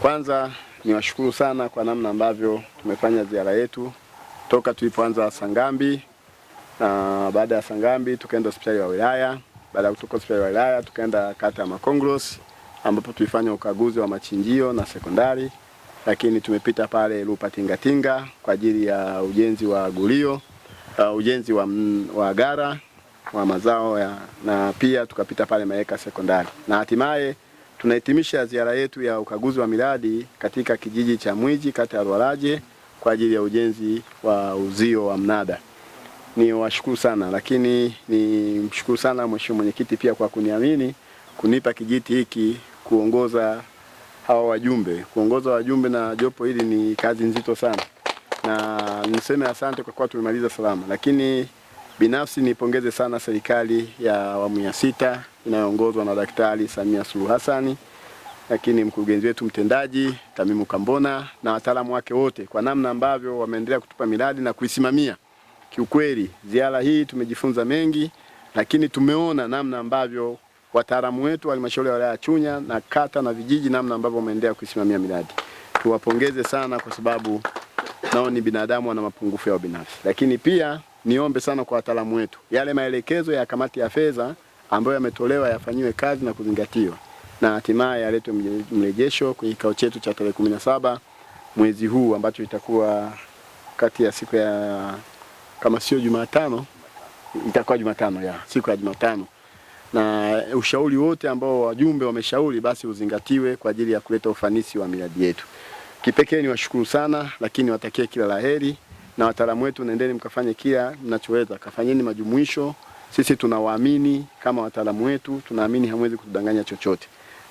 Kwanza niwashukuru sana kwa namna ambavyo tumefanya ziara yetu toka tulipoanza Sangambi, na baada ya Sangambi tukaenda hospitali ya wilaya. Baada ya kutoka hospitali ya wilaya tukaenda kata ya Makongros ambapo tulifanya ukaguzi wa machinjio na sekondari, lakini tumepita pale Lupa Tingatinga kwa ajili ya ujenzi wa gulio, uh, ujenzi wa, wa gara wa mazao ya, na pia tukapita pale Maeka sekondari na hatimaye Tunahitimisha ziara yetu ya ukaguzi wa miradi katika kijiji cha Mwiji kata ya Rwalaje kwa ajili ya ujenzi wa uzio wa mnada. Ni washukuru sana lakini ni mshukuru sana Mheshimiwa Mwenyekiti pia kwa kuniamini kunipa kijiti hiki kuongoza hawa wajumbe. Kuongoza wajumbe na jopo hili ni kazi nzito sana, na niseme asante kwa kuwa tumemaliza salama, lakini binafsi nipongeze sana serikali ya awamu ya sita inayoongozwa na Daktari Samia Suluhu Hassan, lakini mkurugenzi wetu mtendaji Tamimu Kambona na wataalamu wake wote kwa namna ambavyo wameendelea kutupa miradi na kuisimamia. Kiukweli ziara hii tumejifunza mengi, lakini tumeona namna ambavyo wataalamu wetu wa halmashauri ya wilaya ya Chunya na kata na vijiji, namna ambavyo wameendelea kuisimamia miradi. Tuwapongeze sana kwa sababu nao ni binadamu, wana mapungufu yao binafsi, lakini pia niombe sana kwa wataalamu wetu, yale maelekezo ya kamati ya fedha ambayo yametolewa yafanyiwe kazi na kuzingatiwa na hatimaye yaletwe mrejesho kwenye kikao chetu cha tarehe kumi na saba mwezi huu ambacho itakuwa kati ya siku ya kama sio Jumatano, itakuwa Jumatano ya siku ya Jumatano, na ushauri wote ambao wajumbe wameshauri basi uzingatiwe kwa ajili ya kuleta ufanisi wa miradi yetu. Kipekee niwashukuru sana, lakini watakie kila laheri na wataalamu wetu, naendeni mkafanye kila mnachoweza, kafanyeni majumuisho sisi tunawaamini kama wataalamu wetu, tunaamini hamwezi kutudanganya chochote,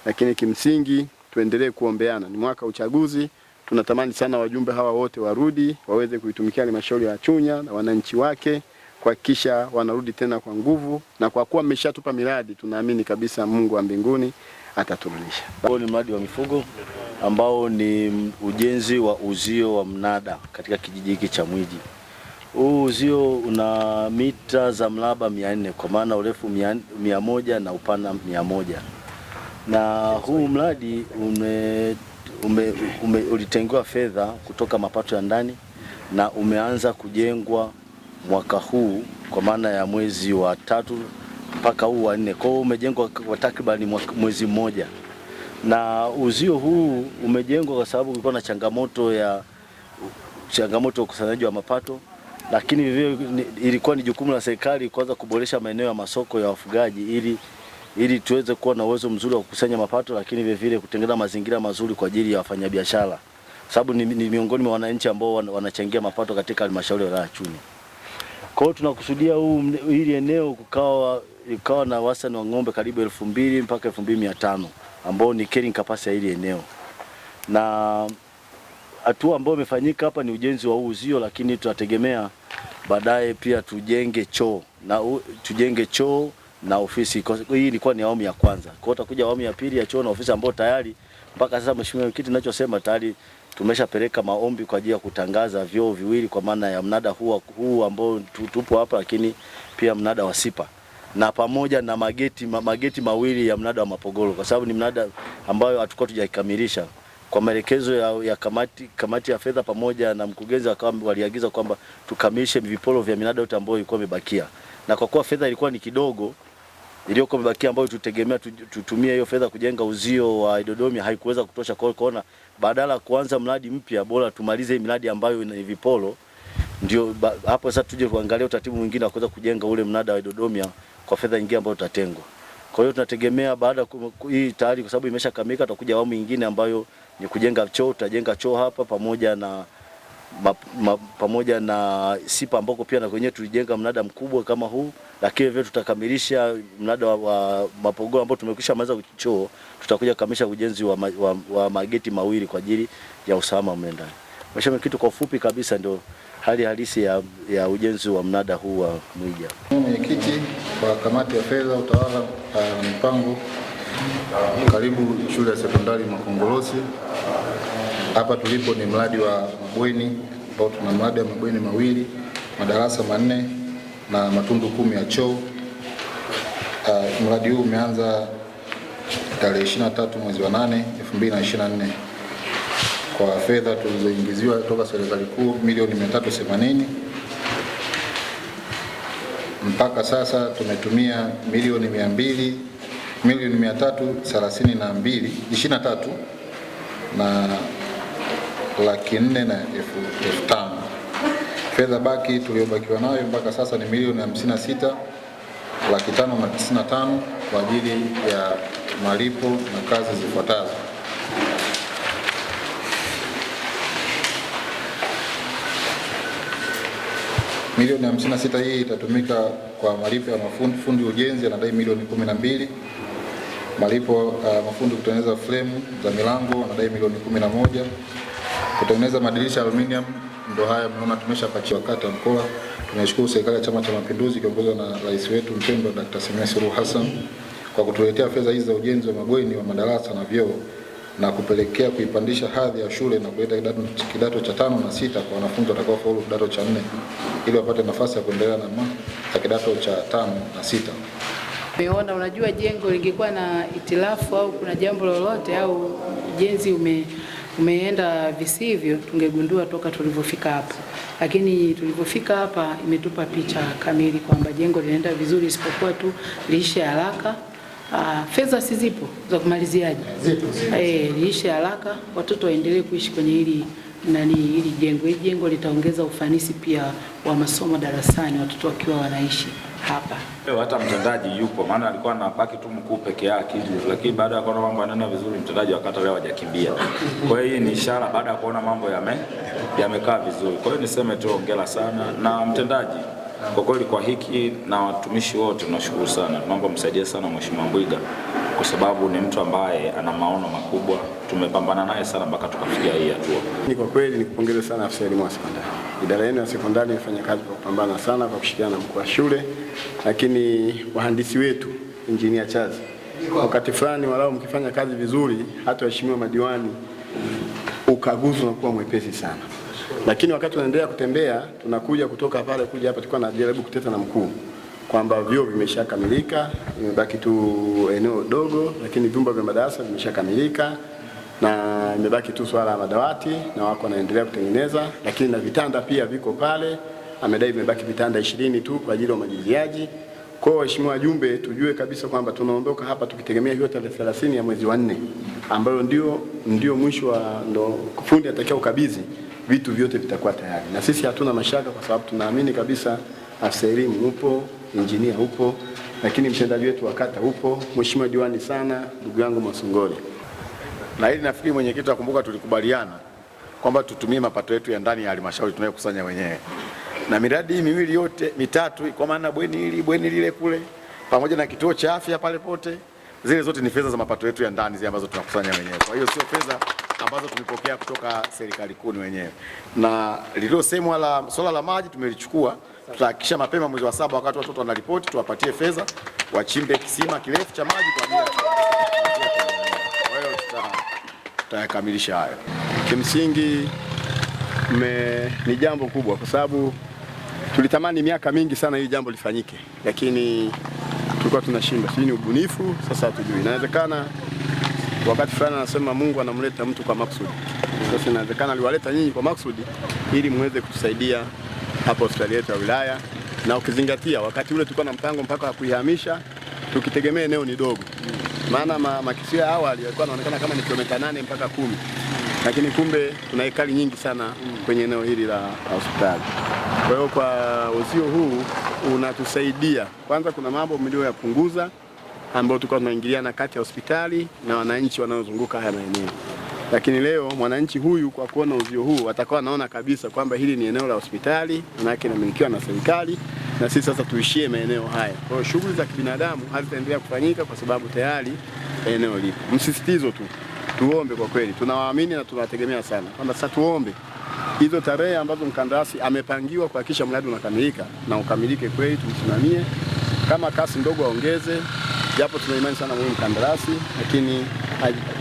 lakini kimsingi tuendelee kuombeana. Ni mwaka uchaguzi, tunatamani sana wajumbe hawa wote warudi waweze kuitumikia halmashauri ya Chunya na wananchi wake kuhakikisha wanarudi tena kwa nguvu, na kwa kuwa mmeshatupa miradi, tunaamini kabisa Mungu wa mbinguni ataturudisha. Huo ni mradi wa mifugo ambao ni ujenzi wa uzio wa mnada katika kijiji hiki cha Mwiji. Huu uzio una mita za mraba 400 kwa maana urefu 100 na upana 100, na huu mradi ume, ume, ume, ulitengewa fedha kutoka mapato ya ndani na umeanza kujengwa mwaka huu kwa maana ya mwezi wa tatu mpaka huu wa nne. Kwa hiyo umejengwa kwa takriban mwezi mmoja, na uzio huu umejengwa kwa sababu kulikuwa na changamoto ya changamoto ya ukusanyaji wa mapato lakini vivyo ilikuwa ni jukumu la serikali kwanza kuboresha maeneo ya masoko ya wafugaji ili ili tuweze kuwa na uwezo mzuri wa kukusanya mapato, lakini vile vile kutengeneza mazingira mazuri kwa ajili ya wafanyabiashara, sababu ni, ni miongoni mwa wananchi ambao wanachangia mapato katika halmashauri ya wilaya Kwa hiyo tunakusudia huu hili eneo kukawa ikawa na wastani wa ng'ombe karibu elfu mbili mpaka elfu mbili mia tano ambao ni carrying capacity ya hili eneo. Na hatua ambayo imefanyika hapa ni ujenzi wa huu uzio, lakini tunategemea baadaye pia tujenge choo na u, tujenge choo na ofisi. Hii ilikuwa ni awamu ya kwanza, kwa utakuja awamu ya pili ya choo na ofisi, ambayo tayari mpaka sasa, mheshimiwa mwenyekiti, ninachosema tayari tumeshapeleka maombi kwa ajili ya kutangaza vyoo viwili kwa maana ya mnada huu huu ambao tupo hapa, lakini pia mnada wa Sipa na pamoja na mageti, mageti mawili ya mnada wa Mapogoro, kwa sababu ni mnada ambayo hatukuwa tujaikamilisha kwa maelekezo ya, ya kamati, kamati ya fedha pamoja na mkurugenzi akawa waliagiza kwamba tukamilishe vipolo vya minada yote ambayo ilikuwa imebakia, na kwa kuwa fedha ilikuwa ni kidogo iliyokuwa imebakia ambayo tutegemea tutumie hiyo fedha kujenga uzio wa Idodoma haikuweza kutosha. Kwa hiyo kuona badala ya kuanza mradi mpya, bora tumalize hii miradi ambayo ina vipolo, ndio hapo sasa tuje kuangalia utaratibu mwingine wa kuweza kujenga ule mnada wa Idodoma kwa fedha nyingine ambayo tutatengwa. Kwa hiyo tunategemea baada hii tayari, kwa sababu imeshakamilika, tutakuja awamu nyingine ambayo ni kujenga choo. Tutajenga choo hapa pamoja na ma, ma, pamoja na sipa ambako pia na kwenyewe tulijenga mnada mkubwa kama huu, lakini vile tutakamilisha mnada wa, wa mapogoro ambao tumekwisha maliza choo, tutakuja kukamilisha ujenzi wa, wa, wa mageti mawili kwa ajili ya usalama mle ndani. Mheshimiwa kitu kwa ufupi kabisa ndio hali halisi ya, ya ujenzi wa mnada huu wa Mwija. Mwenyekiti wa kamati ya fedha, utawala na uh, mipango, karibu shule ya sekondari Makongorosi. Hapa tulipo ni mradi wa mabweni ambao tuna mradi wa mabweni mawili, madarasa manne na matundu kumi ya choo. Uh, mradi huu umeanza tarehe 23 mwezi wa 8 2024 kwa fedha tulizoingiziwa kutoka serikali kuu milioni 380 mpaka sasa tumetumia milioni mia mbili milioni mia tatu thelathini na mbili ishirini na tatu na laki nne na elfu tano. Fedha baki tuliyobakiwa nayo mpaka sasa ni milioni hamsini na sita laki tano na tisini na tano kwa ajili ya malipo na kazi zifuatazo. Milioni hamsini na sita hii itatumika kwa malipo ya mafundi. Fundi ujenzi anadai milioni kumi na mbili malipo uh, mafundi kutengeneza fremu za milango anadai milioni kumi na moja kutengeneza madirisha aluminium ndo haya mnaona tumeshapakiwa kata mkoa. Tunashukuru serikali ya Chama cha Mapinduzi ikiongozwa na rais wetu mpendwa Dr. Samia Suluhu Hassan kwa kutuletea fedha hizi za ujenzi wa mabweni wa madarasa na vyoo na kupelekea kuipandisha hadhi ya shule na kuleta kidato, kidato cha tano na sita kwa wanafunzi watakaofaulu kidato cha nne ili wapate nafasi ya kuendelea na ma kidato cha tano na sita. Umeona, unajua jengo lingekuwa na itilafu au kuna jambo lolote au ujenzi ume Tumeenda visivyo tungegundua toka tulivyofika hapa, lakini tulivyofika hapa imetupa picha kamili kwamba jengo linaenda vizuri, isipokuwa tu liishe haraka. Ah, fedha si zipo za kumaliziaje? Zipo, zipo. Eh, liishe haraka, watoto waendelee kuishi kwenye hili nani hili jengo. Hili jengo litaongeza ufanisi pia wa masomo darasani, watoto wakiwa wanaishi hapa. Leo hata mtendaji yupo, maana alikuwa anabaki tu mkuu peke yake, lakini baada ya kuona mambo yanaenda vizuri, mtendaji wakata leo hajakimbia. Kwa hiyo hii ni ishara baada ya kuona mambo yame yamekaa vizuri. Kwa hiyo niseme tu hongera sana na mtendaji kwa kweli kwa hiki na watumishi wote tunashukuru sana, naomba msaidie sana Mheshimiwa Mbwiga kwa sababu ni mtu ambaye ana maono makubwa tumepambana naye sana mpaka tukafikia hii hatua. Ni kwa kweli nikupongeze sana afisa elimu ya sekondari. Idara yenu ya sekondari imefanya kazi kwa kupambana sana kwa kushirikiana na mkuu wa shule, lakini wahandisi wetu engineer Chazi, wakati fulani walau mkifanya kazi vizuri, hata waheshimiwa madiwani, ukaguzi unakuwa mwepesi sana, lakini wakati tunaendelea kutembea, tunakuja kutoka pale kuja hapa, tulikuwa najaribu kuteta na mkuu kwamba vyuo vimeshakamilika, imebaki tu eneo dogo, lakini vyumba vya madarasa vimeshakamilika na imebaki tu swala la madawati na wako wanaendelea kutengeneza, lakini na vitanda pia viko pale. Amedai imebaki vitanda ishirini tu kwa ajili ya umaliziaji. Kwa hiyo waheshimiwa wajumbe, tujue kabisa kwamba tunaondoka hapa tukitegemea hiyo tarehe 30 ya mwezi wa nne ambayo ndio, ndio mwisho wa ndo fundi atakia ukabidhi vitu vyote vitakuwa tayari, na sisi hatuna mashaka kwa sababu tunaamini kabisa afisa elimu upo, injinia upo, lakini mtendaji wetu wa kata upo, mheshimiwa diwani sana, ndugu yangu Mwasongole na ili nafikiri mwenyekiti akumbuka, tulikubaliana kwamba tutumie mapato yetu ya ndani ya halmashauri tunayokusanya wenyewe, na miradi hii miwili yote mitatu, kwa maana bweni hili bweni lile kule pamoja na kituo cha afya pale pote, zile zote ni fedha za mapato yetu ya ndani zile ambazo tunakusanya wenyewe. Kwa hiyo sio fedha ambazo tumepokea kutoka serikali kuu wenyewe, na lililosemwa la swala la maji tumelichukua, tutahakikisha mapema mwezi wa saba, wakati watoto wanaripoti, tuwapatie fedha wachimbe kisima kirefu cha maji kwa ajili ya tutayakamilisha hayo. Kimsingi me, ni jambo kubwa kwa sababu tulitamani miaka mingi sana hili jambo lifanyike, lakini tulikuwa tunashindwa, sijui ni ubunifu. Sasa hatujui, inawezekana wakati fulani anasema Mungu anamleta mtu kwa maksudi Sasa inawezekana aliwaleta nyinyi kwa maksudi ili mweze kutusaidia hapa hospitali yetu ya wilaya, na ukizingatia wakati ule tulikuwa na mpango mpaka wa kuihamisha, tukitegemea eneo ni dogo maana ma, makisio ya awali yalikuwa yanaonekana kama ni kilomita nane mpaka kumi lakini kumbe kuna hekari nyingi sana kwenye eneo hili la hospitali. Kwa hiyo kwa uzio huu unatusaidia kwanza, kuna mambo mlioyapunguza ambayo tulikuwa tunaingiliana kati ya hospitali na wananchi wanaozunguka haya maeneo, lakini leo mwananchi huyu kwa kuona uzio huu atakuwa anaona kabisa kwamba hili ni eneo la hospitali, manake inamilikiwa na serikali na sisi sasa tuishie maeneo haya. Kwa hiyo shughuli za kibinadamu hazitaendelea kufanyika kwa sababu tayari eneo lipo. Msisitizo tu tuombe, kwa kweli tunawaamini na tunawategemea sana, kwamba sasa tuombe hizo tarehe ambazo mkandarasi amepangiwa kuhakikisha mradi unakamilika na ukamilike kweli, tumsimamie kama kasi ndogo aongeze, japo tuna imani sana huyu mkandarasi, lakini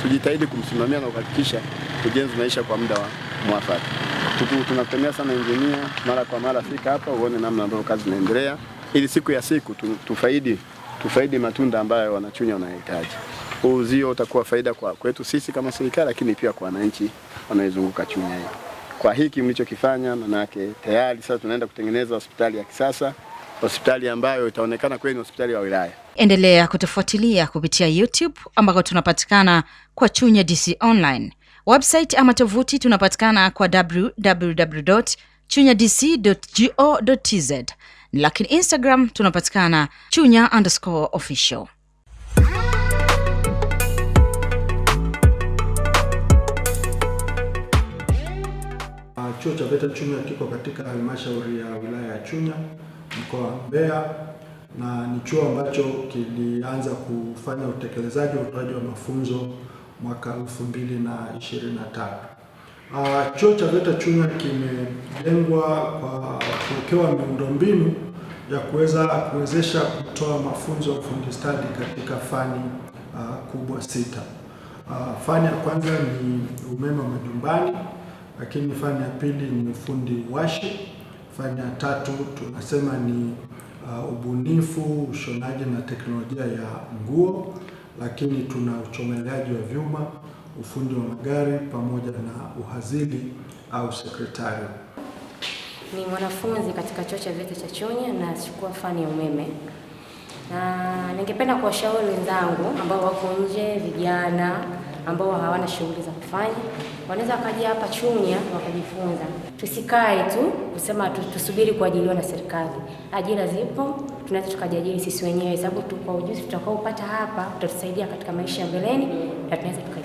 tujitahidi kumsimamia na kuhakikisha ujenzi unaisha kwa muda wa mwafaka tunatembea sana engineer mara kwa mara, fika hapa uone namna ambavyo kazi inaendelea, ili siku ya siku tu, tufaidi tufaidi matunda ambayo wanachunya wanahitaji. Huu uzio utakuwa faida kwa kwetu sisi kama serikali, lakini pia kwa wananchi wanaoizunguka Chunya hii. Kwa hiki mlichokifanya, manake tayari sasa tunaenda kutengeneza hospitali ya kisasa, hospitali ambayo itaonekana kweli ni hospitali ya wilaya. Endelea kutufuatilia kupitia YouTube ambako tunapatikana kwa Chunya DC Online. Website ama tovuti tunapatikana kwa www chunya dc go tz, lakini Instagram tunapatikana chunya underscore official. Ah, chuo cha VETA Chunya kiko katika halmashauri ya wilaya ya Chunya mkoa wa Mbeya na ni chuo ambacho kilianza kufanya utekelezaji wa utoaji wa mafunzo mwaka 2023. Uh, ah, chuo cha VETA Chunya kimejengwa kwa kuwekewa miundombinu ya kuweza kuwezesha kutoa mafunzo ya ufundi stadi katika fani uh, kubwa sita. Uh, fani ya kwanza ni umeme wa majumbani, lakini fani ya pili ni ufundi washi, fani ya tatu tunasema ni uh, ubunifu, ushonaji na teknolojia ya nguo lakini tuna uchomeleaji wa vyuma, ufundi wa magari pamoja na uhazili au sekretari. Ni mwanafunzi katika chuo cha VETA cha Chunya na nachukua fani ya umeme, na ningependa kuwashauri wenzangu ambao wako nje, vijana ambao hawana shughuli za kufanya, wanaweza wakaja hapa Chunya wakajifunza. Tusikae tu kusema tusubiri kuajiliwa na serikali, ajira zipo tunaweza tukajiajiri sisi wenyewe, sababu kwa ujuzi tutakaopata hapa utatusaidia katika maisha ya mbeleni na tunaweza